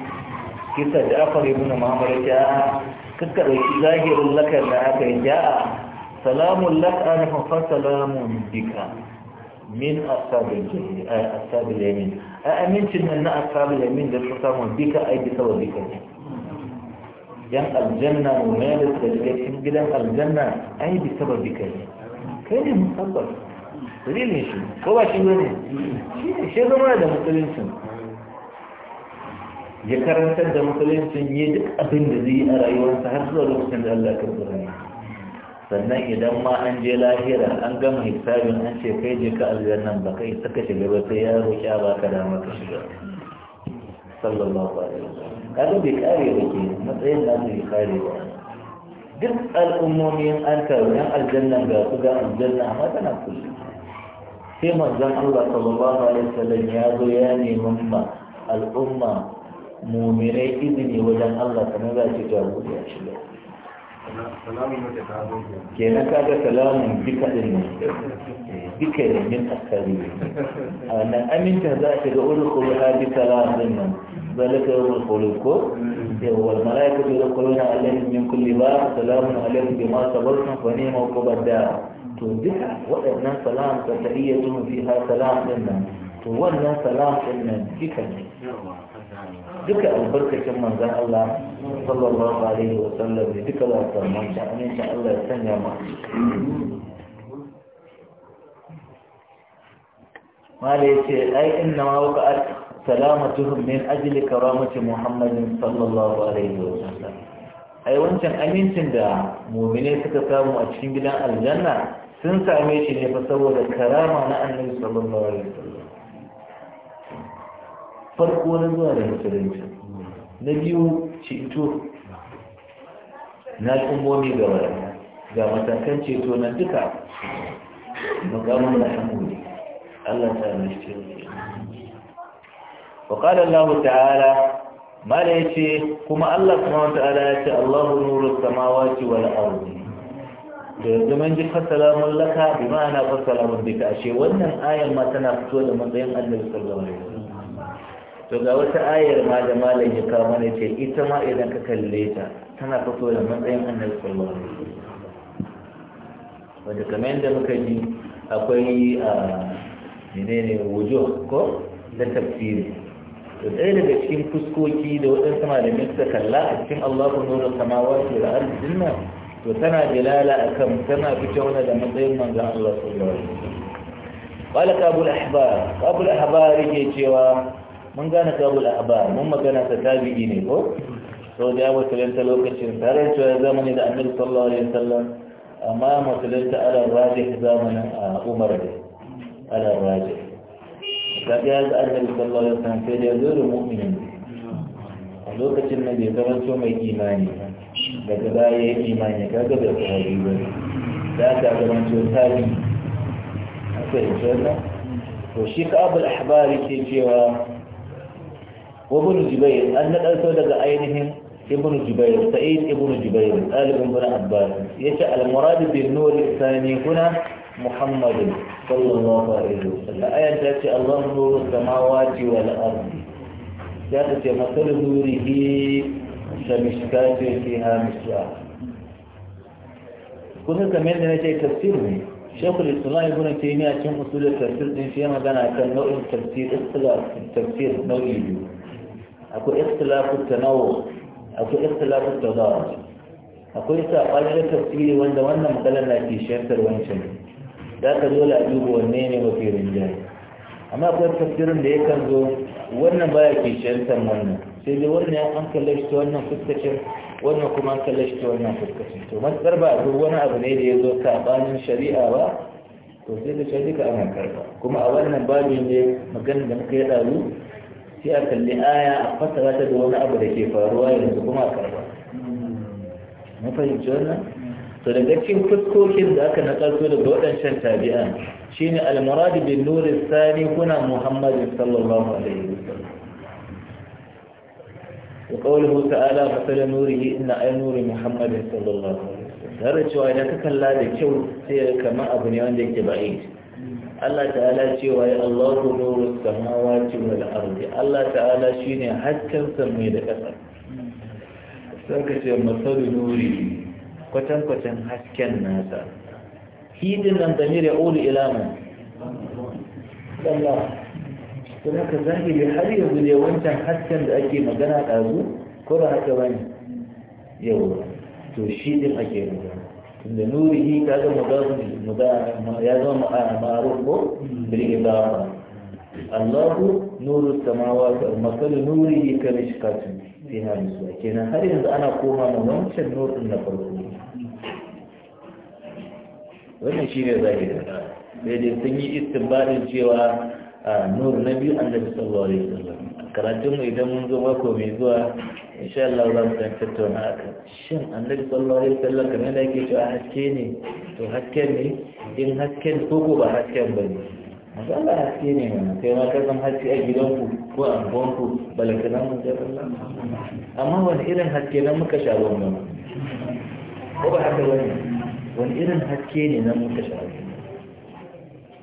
kisa da afar ibn muhammad ya kakka dauki zahirin lakar da aka yi ya salamun lakar na fa salamun bika min asabu jahil ay asabil yamin amincin nan na asabil yamin da su samu bika ai bisa wa bika ne yan aljanna mu ne da suka shiga cikin gidan aljanna ai bi sababi kai kai ne musabbab dalilin shi ko ba shi bane shi ne shi zama da musulunci ya karanta da musulunci ya duk abin da zai yi a rayuwarsa har zuwa lokacin da Allah ya karɓi ne sannan idan ma an je lahira an gama hisabin an ce kai je ka aljannan ba kai saka shiga ba sai ya roƙi ba ka dama ka shiga sallallahu alaihi wasallam kaga kare ba ke matsayin da bai kare ba duk al'ummomin an taru yan aljanna ga su ga aljanna amma tana kulle sai manzon Allah sallallahu alaihi wasallam ya zo ya nemi ma al'umma mu'minai izini wajen Allah kamar za ki jawo ya shiga ke na kaga salamun duka ɗin ne duka ne min asali a wannan aminta za ta ga ulkul hadi salamun nan zalika yawmul khulud ko yawmul malaikatu yadkhuluna alaihim min kulli bab salamun alaikum bima sabartum fa ni'ma uqbad dar to duka waɗannan salam ta ta'iyyatu fiha salam din nan to wannan salam din nan duka ne duka albarkacin manzan Allah sallallahu alaihi wa sallam da duka lafiyar an yi Allah ya sanya ma mala ya ce ai inna ma waka at salamatuhum min ajli karamati muhammadin sallallahu alaihi wa sallam ai wancan amincin da mu'mini suka samu a cikin gidan aljanna sun same shi ne fa saboda karama na annabi sallallahu alaihi wa sallam farko na zuwa da musulunci na biyu ceto na al'ummomi ga wani. ga matakan ceto na duka makamun na hamuli Allah ta mashi wa qala Allah ta'ala ya ce kuma Allah wata wa ya ce, Allahu nuru samawati wal ardi da zaman ji fasala mallaka bi ma'ana fasalamun bika ashe wannan ayan ma tana fito da matsayin Allah sallallahu alaihi wasallam to ga wata ayar ma da malam ya kawo mana ce ita ma idan ka kalle ta tana fito da matsayin annabi sallallahu alaihi wasallam wanda kamar yadda muka ji akwai a menene wujuh ko da tafsiri to ɗaya daga cikin fuskoki da waɗansu malamin suka kalla a cikin Allahu nuru samawati wal ardi dinna to tana dilala akan tana fito da matsayin manzon Allah sallallahu alaihi wasallam قال أبو الأحبار أبو الأحبار يجي cewa. mun gane kabul ahbar mun magana ta tabi'i ne ko sau da ya musulunta lokacin tare cewa zamani da annabi sallallahu alaihi wasallam amma musulunta ala rajih zamanin umar da. ala rajih kaga ya ga annabi sallallahu alaihi wasallam sai da zuru mu'minin a lokacin nan bai zamanto mai imani daga baya imani kaga bai sahabi ba da ta zamanto tabi'i a kai wannan shi ka abul ahbari ke cewa وابن جبير أن الأسود عينهم ابن جبير سعيد ابن جبير آل بن عباس يشاء المراد بالنور الثاني هنا محمد صلى الله عليه وسلم آية تأتي الله نور السماوات والأرض تأتي مثل نوره كمشكات فيها مشاء كنا كمان نتأتي تفسير شيخ الإسلام ابن تيمية كم أصول التفسير إن فيها مدانا كان نوع التفسير اختلاف التفسير نوعي akwai ikhtilafu tanawu akwai ikhtilafu tadawu akwai sabanin tafsiri wanda wannan magana na ke shafar wancan da ka zo la dubo wanne ne mafi rinjaye amma akwai tafsirin da kan zo wannan baya ke shafar wannan sai dai wannan ya an kalle shi ta wannan fuskacin wannan kuma an kalle shi ta wannan fuskacin to matsar ba duk wani abu ne da ya zo sabanin shari'a ba to sai da shi duka ana karba kuma a wannan babin ne magana da muka yi ɗazu sai a kalli aya a fasara ta da wani abu da ke faruwa yanzu kuma a karba na fahimci wannan to daga cikin fuskokin da aka nakalto daga waɗancan tabi'an shine al-murad bin nur sani kuna muhammadin sallallahu alaihi wasallam wa qawluhu ta'ala masal nurihi inna ay nuri muhammadin sallallahu alaihi wasallam har cewa idan ka kalla da kyau sai kama abu ne wanda yake ba'i Allah ta'ala wa yi Allah ku nuru samawati da arziki. Allah ta'ala ne hasken samai da ƙasa sai ka ce masaru nuri kwatankwatan hasken nasa hidin nan da ya ulu ila man Allah don haka zahiri har yanzu ne wancan hasken da ake magana ɗazu ko da haka wani yau to shi din ake magana tunda nurihi ta ga mudafu mudafu ya zama ma'aruf ko hmm. bil idafa Allahu nuru samawati wal masal nurihi ka mishkatin fiha miswa kenan har yanzu ana koma ma wancan nurin na farko wannan shine zahiri sai dai sun yi istinbadin cewa ah, nur na biyu annabi sallallahu alaihi wasallam karatunmu idan mun zo mako mai zuwa insha Allah za mu san tattauna a shin annabi sallallahu alaihi wasallam kamar da yake cewa haske ne to haske ne in ko koko ba hasken ba ne masu Allah haske ne mana kai ma ka san haske a gidanku ko a gonku balantana mun jar Allah amma wani irin haske nan muka sha ruwan ko ba haka bane wani irin haske ne nan muka sha ruwan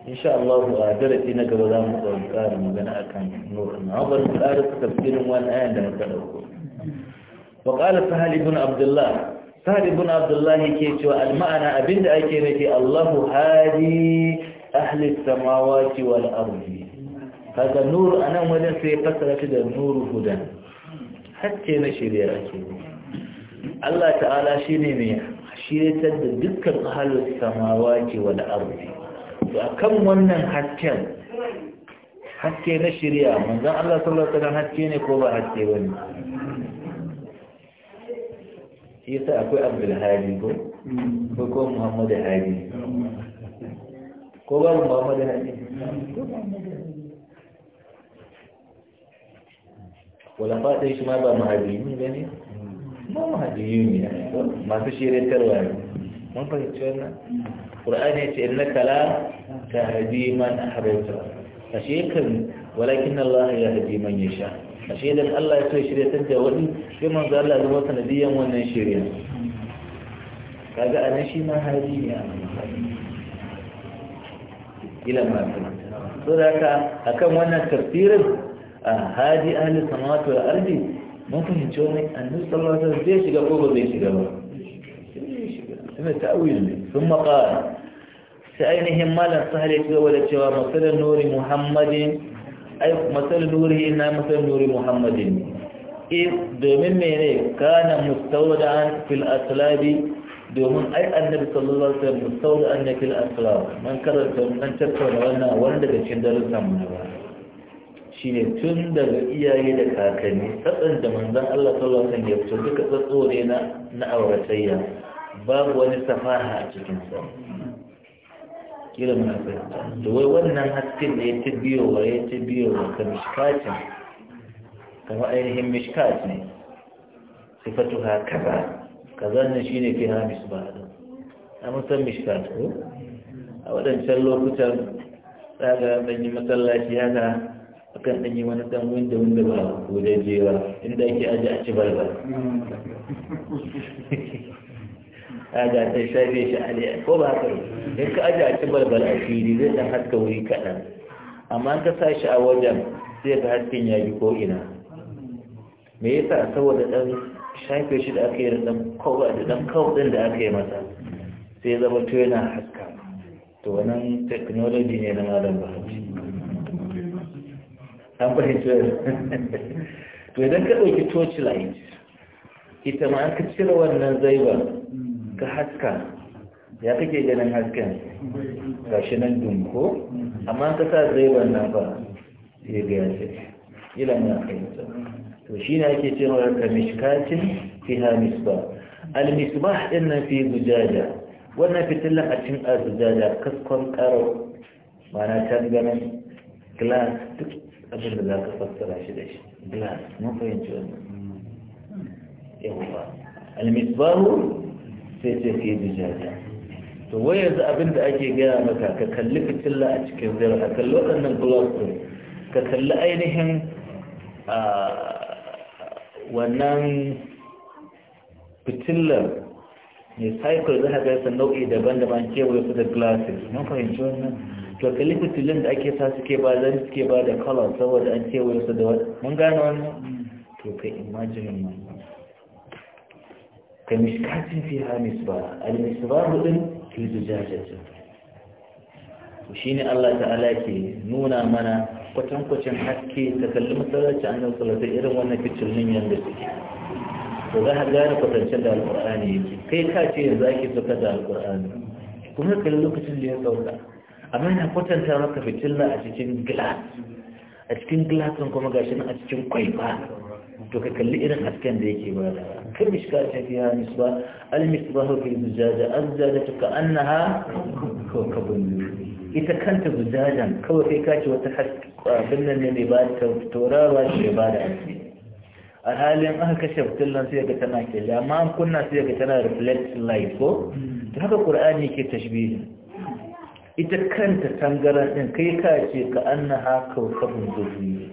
insha Allah a darasi na gaba za mu ɗauki ƙarin magana akan nurin na bar mu ƙara tafsirin wani ayan da muka ɗauko wa qala sahal ibn abdullah sahal ibn abdullah yake cewa al ma'ana abinda ake nufi Allahu hadi ahli samawati wal ardi kaga nur anan wajen sai fasara shi da nuru hudan hakke na shirya ake Allah ta'ala shine mai shirya da dukkan ahlus samawati wal ardi da kan wannan hasken haske na shirya manzan Allah sallallahu alaihi wasallam haske ne ko ba haske wani. Ya shi yasa akwai Abdul Hadi ko ko ko Muhammad Hadi ko ba Muhammad Hadi wala fadin shi ma ba mahadi ne ba ne ma mahadi ne masu shirin tarwa ne mun fahimci wannan qur'ani ya ce innaka la tahdi man ahbabta ashe kan walakin na Allah ya yahdi man sha. ashe dan Allah ya so ta da wani sai manzo Allah zama sanadiyan wannan shirya kaga nan shi ma hadi ne ila ma so da haka akan wannan tafsirin hadi ahli samawati wal ardi mun fahimci wani annabi sallallahu alaihi wasallam zai shiga ko ba zai shiga ba suna ta'awil ne sun maƙara sai ainihin malam sahari ya cigaba da cewa masalar nuri muhammadin ai masalar nuri na masalar nuri muhammadin ne domin mene kana mustawda'an fil aslabi domin ai annabi sallallahu alaihi wasallam mustawda'an ne fil aslab man karanta man tattauna wannan wanda da cikin darussan mu ba shine tun daga iyaye da kakanni tsatsan da manzon Allah sallallahu alaihi wasallam ya fito duka tsatso ne na na auratayya babu wani safaha a cikin sa kila muna fahimta to wai wannan hasken da ya ta wa ya ta biyo wa ka mishkatin kama ainihin mishkat ne sifatu ha kaza kaza ne shine fi ha misbah a musan mishkat ko a waɗancan lokutan daga ɗanyi masallaci yana akan ɗanyi wani ɗan wanda wanda ba ko da jewa inda ake aji a ci balbal ga sai shafe shi liya ko ba haka in ka a ci balbal a fili zai ta haska wuri kaɗan amma ka sa shi a wajen sai ka hasken ya bi ko ina me yasa saboda ɗan shafe shi da aka yi da ɗan kawai da ɗan kawai ɗin da aka yi masa sai ya zama to yana haska to wannan technology ne na malam ba an fahimci to idan ka ɗauki torchlight ita ma an ka cire wannan zaiwa ka haska ya kake ganin hasken ga shi nan dunko amma ka sa zai wannan ba ya ga yace ya kai ta to shi ne ake cewa ka mishkatin fi ha misba al misbah inna fi zujaja wannan fitilan a cikin azujaja kaskon karo mana ta tangaran glass duk abin da za ka fassara shi da shi glass mun fahimci wannan yawa al misbahu sai ce yi bijata to wai yanzu abin da ake gaya maka ka kalli fitilla a cikin zira ka kalli waɗannan blog ɗin ka kalli ainihin wannan fitillar mai cycle za ka ga yasa nau'i daban-daban kewaye su da glasses mun fahimci wannan to kalli fitilin da ake sa suke ba zan suke ba da color saboda an kewaye su da wani mun gane wannan to kai imaginin wannan كمشكات فيها مصباح المصباح إن في زجاجة وشيني الله تعالى كي نونا منا قتن قتن حكي تكلم صلاة عن الصلاة إيران وانا كتل من ينبسك وذا هدار قتن شد القرآن يجي كي كاتي ذاكي سكد القرآن كما كل لوكتن ليه صوتا أما أنا قتن تارك في تلنا أشيشين جلاس a cikin glasin kuma gashi a cikin kwai ba to ka kalli irin hasken da yake bada kan mishka ta fiya misba al misbahu fi zujaja ta ka annaha kawkabun ita kanta zujajan kawai kai ka wata abin nan ne mai ba ta taurawa shi ba da haske a halin aka kashe fitillan sai ga tana ke amma an kunna sai ga tana reflect light ko ta haka qur'ani ke tashbihi ita kanta tangaran ɗin kai ka ce ka an na haka kafin zubi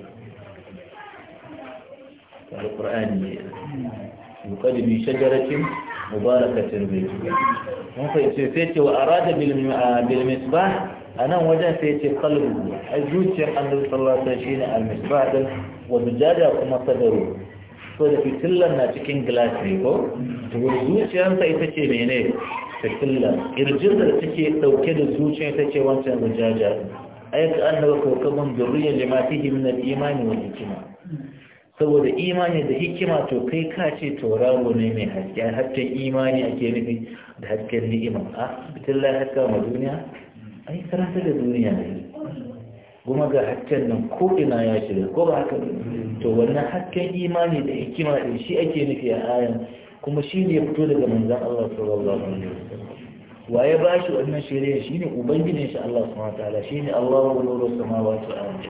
alƙur'ani ne muƙadimi shagaracin mubarakatin bai mun fahimci sai ce wa arada bilmisbah a nan wajen sai ce kalbu a zuciyar annabi sallallahu alaihi wasallam shine almisbah din wa dujada kuma sadaru so da fitillan na cikin glass ne ko to zuciyarsa ita ce mene sakilla irjin da take dauke da zuciya ta ce wancan rujaja ayyaka annaba kokaban zurriyar jama'atihi min al-imani wal hikma saboda imani da hikima to kai ka ce tauraro ne mai haske hasken imani ake nufi da hasken ni'ima a fitilla haska ma duniya ai karanta da duniya ne kuma ga hakkin nan ko ina ya shiga ko ba haka to wannan hakkin imani da hikima din shi ake nufi a ayan kuma shi ne fito daga manzan Allah sallallahu alaihi wa ya ba shi wannan shari'a shi ne ubangijin shi Allah subhanahu ta'ala. shi ne Allah wa nuru samawati wal ardi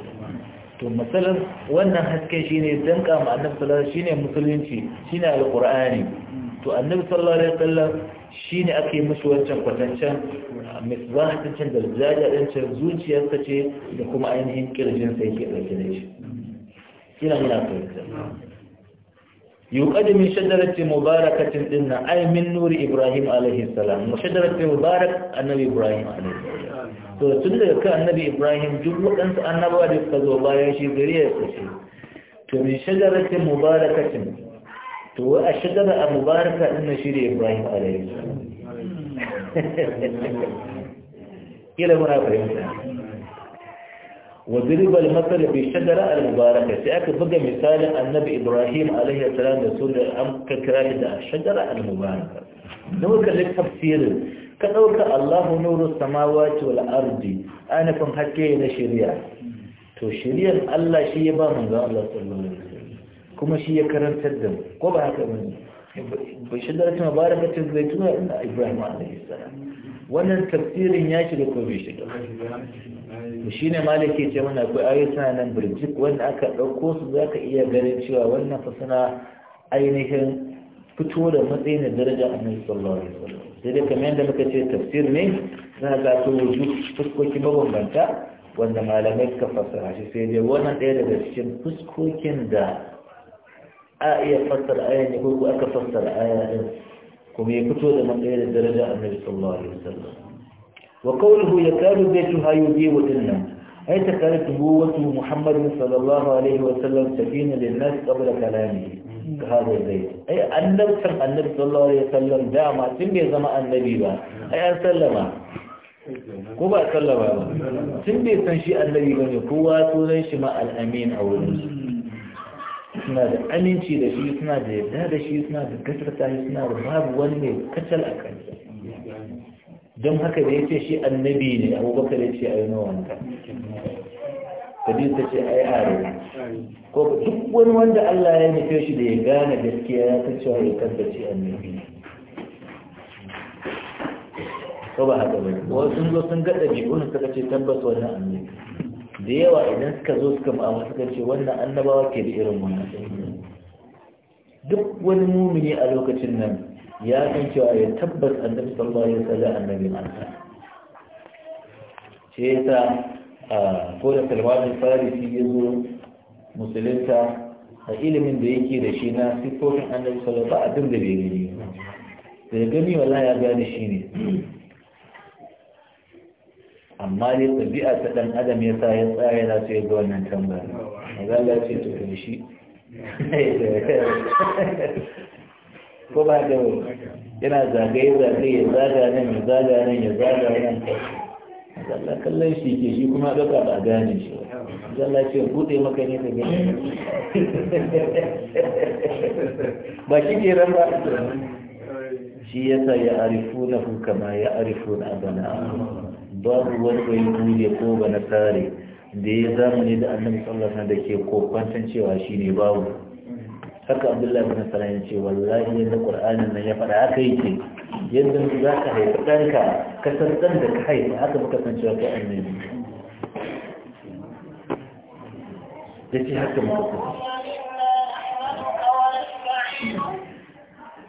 to masalan wannan haske shi ne danka kama annabi sallallahu alaihi shi ne musulunci shi ne alqur'ani to annabi sallallahu alaihi wasallam shi ne aka yi musu wancan kwatancen misbah din can da zaja din zuciyarsa ce da kuma ainihin kirjin sai ke dauke da shi kina muna fahimta يقد من شجرة مباركة لنا أي من نور إبراهيم عليه السلام وشجرة مبارك النبي إبراهيم عليه السلام فتنده كالنبي إبراهيم جبل أنت النبي أدفت الله يشي ذريع يسشي فمن شجرة مباركة تو الشجرة المباركة إن شير إبراهيم عليه السلام إلى هنا فهمتها wa ziribal matsala bai shagara al-mubaraka sai aka buga misalin annabi ibrahim alaihi da su da an kakira da shagara al-mubaraka da muka kalli tafsirin ka ɗauka allahu nuru samawati wal ardi anafin hakke na shari'a to shari'ar allah shi ya ba manzo allah sallallahu alaihi wasallam kuma shi ya karantar da mu ko ba haka bai ta ibrahim wannan tafsirin ya shiga ko bai shiga shi ne malaki ce mana akwai ayyuka nan birjik wanda aka ɗauko su zaka iya ganin cewa wannan fasana ainihin fito da matsayin da daraja annabi sallallahu alaihi wasallam sai dai kamar yadda muka ce tafsir ne za ga to wuju fuskoki mabambanta wanda malamai suka fassara shi sai dai wannan ɗaya daga cikin fuskokin da a iya fassara aya ko aka fassara kuma ya fito da matsayar daraja annabi sallallahu alaihi wasallam wa qawluhu yakadu baytuha yudibu dinna ay takarat nubuwatu muhammad sallallahu alaihi wasallam tafina lin nas qabla kalamihi ka hada zai ai annabtan annabi sallallahu alaihi wasallam dama tun bai zama annabi ba ai an sallama ko ba sallama ba tun bai san shi annabi bane kowa sunan shi ma al-amin a wurin suna da aminci da shi suna da yadda da shi suna da gasarta shi suna da babu wani mai kacal a kan don haka da ya ce shi annabi ne abubakar ya ce a yi ta kadi ta ce ai are ko duk wani wanda Allah ya nufe shi da ya gane gaskiya ya san cewa ya tabbaci annabi ko ba haka ba wasu sun zo sun ga ɗabi'un suka ce tabbas wannan annabi da yawa idan suka zo suka ma'amu suka ce wannan annabawa ke da irin wannan duk wani mumini a lokacin nan ya san cewa ya tabbas annabi sallallahu alaihi wasallam annabi Allah ce a ko da Salman farisi ya zo musulunta a ilimin da yake da shi na sifofin annabi sallallahu alaihi wasallam ba abin da bai gani da gani wallahi ya gani shi ne amma dai ɗabi'a ta ɗan adam ya sa ya tsaya yana so ya ga wannan maza ya ce ta da shi ko ba da yana zagaye zagaye ya zaga nan ya zaga nan ya zaga nan Allah kallon shi ke shi kuma ɗauka ba gane shi Allah ce buɗe maka ne ka gani ba shi ke ran ba shi yasa ya arifu na hukama ya arifu na abana babu wani bai bude ko ba na tsare da ya zamani da annabi sallallahu alaihi da ke kokwantan cewa shine babu haka abdullahi bin salam ya ce wallahi yadda qur'anin nan ya fada haka yake yadda za ka haifi ɗanka ka san ɗan da ka haifa haka muka san cewa kai annabi ya ce haka muka san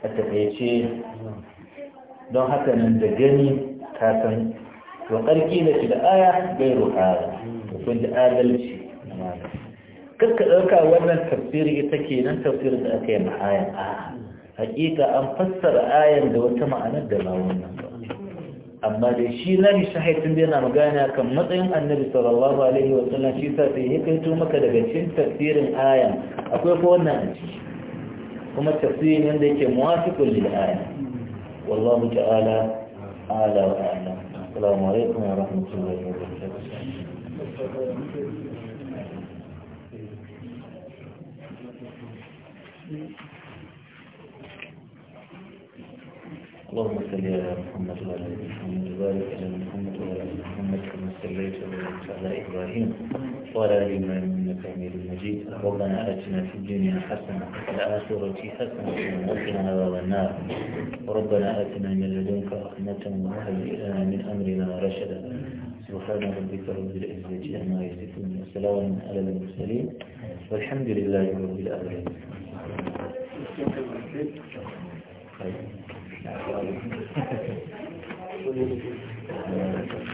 a taƙaice don haka nan da gani ka san wa ƙarfi na fi da aya bai ruhara da kun ji adalci kakka ɗauka wannan tafsiri ita ke nan tafsirin da aka yi ma ayan a hakika an fassara ayan da wata ma'anar da ba wannan ba amma da shi na bi shahaitin da yana magana kan matsayin annabi sallallahu alaihi wa sallam shi sa sai ya kaito maka daga cikin tafsirin ayan akwai ko wannan a ciki kuma tafsirin yadda yake muwafiqun lil aya wallahu ta'ala ala wa ala السلام عليكم ورحمة الله وبركاته اللهم صل على محمد وعلى ال محمد وبارك على محمد وعلى ال محمد صليت وسلمت على إبراهيم وعلى آل إبراهيم إنك حميد مجيد ربنا آتنا في الدنيا حسنة وفي الآخرة حسنة وقنا عذاب النار ربنا آتنا من لدنك رحمة وهب لنا من أمرنا رشدا سبحان ربك رب العزة عما يصفون وسلام على المرسلين والحمد لله رب العالمين Thank you.